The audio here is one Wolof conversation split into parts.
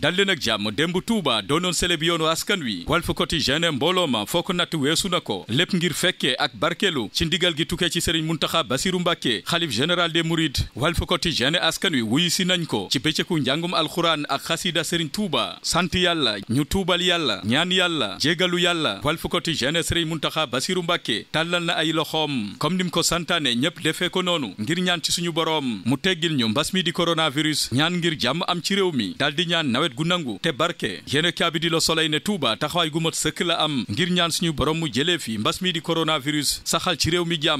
dal leen ak jàmm démb Touba doonoon sele bi yoonu askan wi wal Walf Quotidien mbooloo ma foo ko natt weesu na ko lépp ngir fekkee ak barkeelu ci ndigal gi tukkee ci Serigne Mountakha Bassirou Mbacké xalif général des Mourides Walf Quotidien askan wi wuyu si nañ ko ci bëccëku njàngum alxuraan ak xasida Serigne Touba sant yàlla ñu tuubal yàlla ñaan yàlla jégalu yàlla Walf Quotidien Serigne Mountakha basiiru Mbacké tàllal na ay loxoom comme nim ko santaane ñépp defee ko noonu ngir ñaan ci suñu boroom mu teggil ñu mbas mi di coronavirus ñaan ngir jàmm am ci réew mi kawet gu nangu te barke yéen kaabi di la Soleil ne Touba la am ngir ñaan suñu borom mu jëlee fi mbas mi di coronavirus saxal ci réew mi gi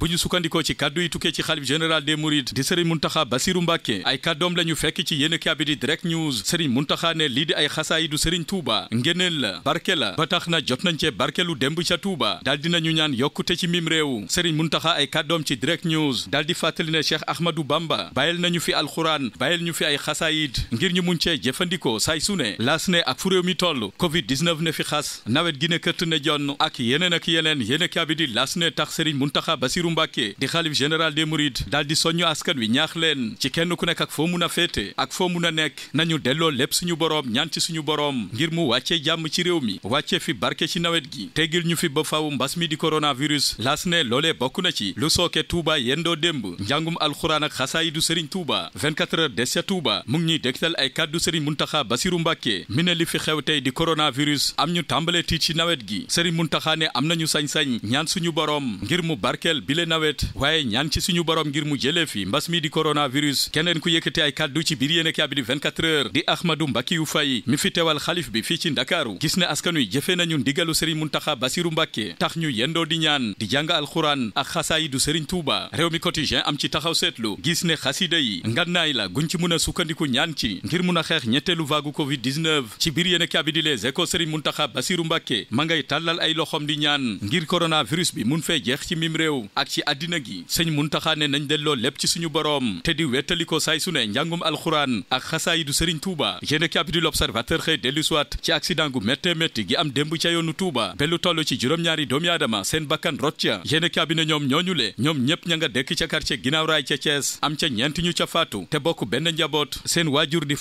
bu ñu sukkandikoo ci kàddu yi tukkee ci xalif général des mourides di Serigne Mountakha Bassirou Mbacké ay kàddoom la ñu fekk ci yéen kaabi di Direct News Serigne Mountakha ne lii di ay xasaayidu Serigne Touba ngeneel la barke la ba tax na jot nañ cee barkelu démb ca Touba daal dinañu ñaan yokkute ci mim réew Serigne Mountakha ay kàddoom ci Direct News daal di fàttali ne Cheikh Ahmadou Bamba bàyyil nañu fi alxuraan bàyyil ñu fi ay xasaayid ngir ñu mun cee jëfandikoo say su ne laas ne ak fu réew mi toll covid 19 ne fi xas nawet gi ne këtt ne jonn ak yeneen ak yeneen yéen a kaabidi laas ne tax sëriñ Muntaxa Basiru Mbàkke di xaalif général des mourides daal di soññu askan wi ñaax leen ci kenn ku nekk ak foo mun a féete ak foo mun a nekk nañu delloo lépp suñu boroom ñaan ci suñu boroom ngir mu wàccee jàmm ci réew mi wàccee fi barke ci nawet gi teggil ñu fi ba faw mbas mi di coronavirus laas ne loolee bokk na ci lu sooke Touba yendoo démb njàngum alxuraan ak xasaayidu sëriñ Touba 24 heures des ca Touba ay kàddu Serigne Mountakha Bassirou Mbacké mi ne li fi xew tey di coronavirus am ñu tàmbalee tiit ci nawet gi Serigne Mountakha ne am nañu sañ-sañ ñaan suñu borom ngir mu barkeel bile nawet waaye ñaan ci suñu borom ngir mu jëlee fi mbas mi di coronavirus keneen ku te ay kàddu ci biir yéene kaay bi di 24 heures di Ahmadou Mbakiyu Faye mi fi teewal xalif bi fii ci Ndakaaru gis ne askan wi jëfee nañu ndigalu Serigne Mountakha Bassirou Mbacké tax ñu yendoo di ñaan di jàng alxuraan ak xasaayi du Serigne Touba réew mi quotidien am ci taxaw seetlu gis ne xasida yi ngannaay la ci mën a sukkandiku ngir mun a xeex ñetteelu vague covid 19 ci biir yéen a di les échos Serigne Mountakha Bassirou Mbacké ma ngay ay loxom di ñaan ngir coronavirus bi mun fee jeex ci mim réew ak ci addina gi sëñ Mountakha ne nañ delloo lépp ci suñu boroom te di wettalikoo saay su ne njàngum alxuraan ak du Serigne Touba yéen a di l'observateur xëy dellu siwaat ci accident gu métte métti gi am démb ca yoonu Touba bellu toll ci juróom-ñaari doomi aadama seen bakkan rot ca yéen ne ñoom ñooñu le ñoom ñëpp ña nga dekk ca quartier ginnaaw raay ca Thiès am ca ñeent ñu ca faatu te bokk benn njaboot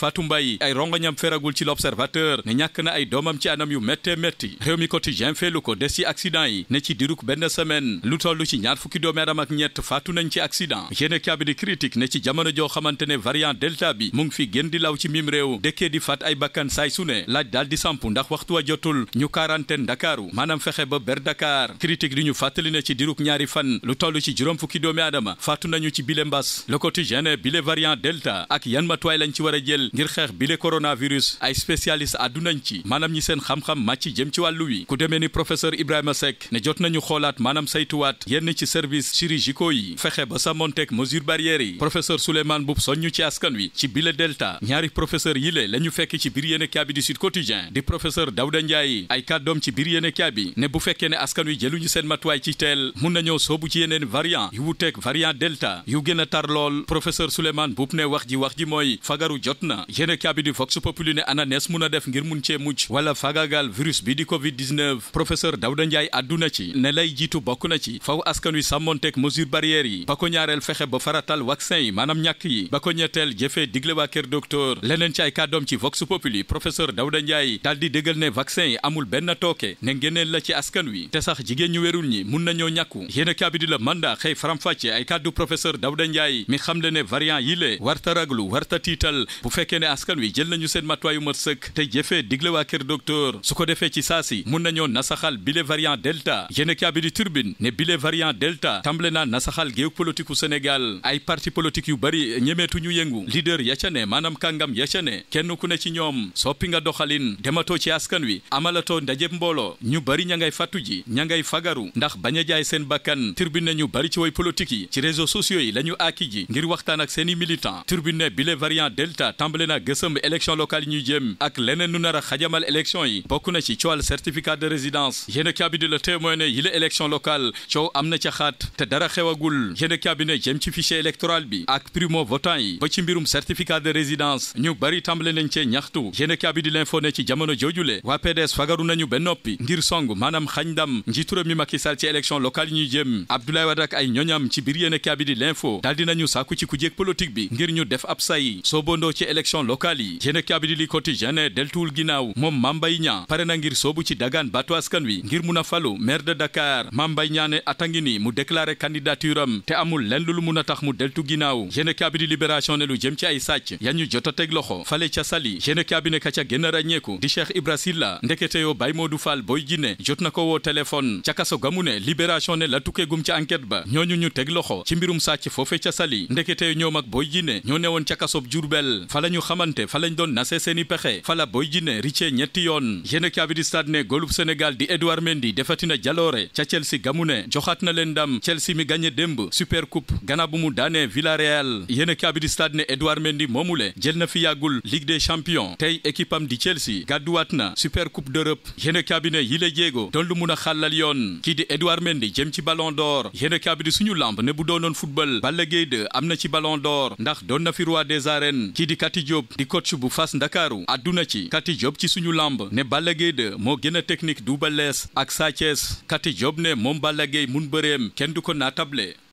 Fatou Mbaye ay rongoñam feragul ci l'observateur ne ñàkk na ay doomam ci anam yu méttee métti réew mi quotidien feelu ko des ci accident yi ne ci diruk benn semaine lu toll ci ñaar fukki doomi aadama ak ñett faatu nañ ci accident yéene kaa bi di critique ne ci jamono joo xamante ne variant delta bi mu ngi fi gën di law ci mim réew dëkkee di faat ay bakkan saay su ne laaj daal di samp ndax waxtu a jotul ñu quarantaine Dakaru maanaam fexe ba ber Dakar critique di ñu fàttali ne ci diruk ñaari fan lu toll ci juróom fukki doomi aadama faatu nañu ci bile mbas le quotidien bile variant delta ak yan matuwaay lañ ci war a jël ngir xeex bi le coronavirus ay spécialiste àddunañ ci maanaam ñi seen xam-xam ci jëm ci wàllu wi ku demee ni professeur Ibrahima Seck ne jot nañu xoolaat maanaam saytuwaat yenn ci service chirurgicaux yi fexe ba sa monteeg mesure barrières yi professeur Souleymane Boub soññu ci askan wi ci bile delta ñaari professeur yi le la ñu fekk ci biir yéene kaabi du Sud Quotidien di professeur Daouda Ndiaye ay kàddoom ci biir yéene kaabi ne bu fekkee ne askan wi jëluñu seen matuwaay ci teel mun nañoo soobu ci yeneen variant yu wuteeg variant delta yu gën a tar lool professeur Souleymane Boub ne wax ji wax ji mooy fagaru jot na yéene kaabi di vox populi ne ana mun a def ngir mun cee mucc wala fagagal virus bi di covid 19 professeur Dawda Ndiaye àdduna ci ne lay jiitu bokk na ci faw askan wi sàmmonteeg mesure barrières yi ba ko ñaareel fexe ba faratal vaccin yi maanaam ñàkk yi ba ko ñetteel jëfee digle waa kër docteur leneen ci ay kàddoom ci vox populi professeur Dawda Ndiaye daal di dëggal ne vaccin yi amul benn tooke ne ngeneen la ci askan wi te sax jigéen ñu wérul ñi mun nañoo ñàkku yéene kaabi di la mandat xëy faram-fàcce ay kàddu professeur Dawda Ndiaye mi xam le ne variant yi lée warta raglu warta tiital fekkee ne askan wi jël nañu seen matuwaayu mat sëkk te jëfee digle waa kër su ko defee ci saasi mun nañoo nasaxal bile variant delta yéen di turbine ne bile variant delta tàmbale naa nasaxal géew u Sénégal ay parti politique yu bari ñemeetu ñu yëngu leader ya ca ne maanaam kàngam ya ca ne kenn ku ne ci ñoom soppi nga doxalin dematoo ci askan wi amalatoo ndajeb mbooloo ñu bari ña ngay ji ña fagaru ndax bañ a jaay seen bakkan turbine ñu bari nag gësëm élection locale yi ñuy jëm ak leneen nu nar a xajamal élection yi bokk na ci coowal certificat de résidence yéen a cabinet le témoin ne yi la élection locale coow am na ca xaat te dara xewagul yéen a cabinet jëm ci fichier électoral bi ak primo votant yi ba ci mbirum certificat de résidence ñu bari tàmbale nañ cee ñaxtu yéen a cabinet l'info ne ci jamono joojule waa PDS fagaru nañu ba noppi ngir song maanaam xañ ndam njiitu réew mi Macky Sall ci élection locale yi ñuy jëm bi ngir ñu élection locale yi yéenekaay bi di li Quotidien ne deltuwul ginnaaw moom Mame Mbaye Niang pare na ngir soobu ci dagaan baatu askan wi ngir mun a falu maire de Dakar Mame Mbaye Niang ne atangi ni mu déclaré candidature am te amul lenn mun a tax mu deltu ginnaaw yéenekaay bi di ne lu jëm ci ay sàcc ya jot a teg fale ca Saly yéenekaay bi ka ca gën a ràññeeku di Cheikh Ibra ndekete yoo Baye Modou Fall Boy Djiné jot na ko woo téléphone ca kaso gamu ne ne la ba ñooñu ñu teg loxo ci mbirum sàcc foofe ca Saly ndekete ñu xamante fa lañ doon nase seeni pexe fa la Boy ricce ñetti yoon yéene kaabi di stade ne golub Sénégal di Edouard Mendy defati na jaloore ca Chelsea gamu ne joxaat na leen ndam Chelsea mi gagné démb super coupe gannaaw bu mu daanee Villarreal kaabi di stade ne Edouard Mendy moomule jël na fi yàggul Ligue des champions tey équipe di Chelsea gàdduwaat na super coupe d'Europe yéene kaabi ne yile jéego doon lu mun a xàllal yoon kii di Edouard Mendy jëm ci ballon d'or yéene kaabi di suñu lamb ne bu doonoon football Diop di coach bu fas Ndakaaru àdduna ci Kati Diop ci suñu làmb ne Balla Gaye moo gën a technique Double Less ak Sa Thiès Kati Diop ne moom Balla Gaye mun bëreem kenn du ko naatable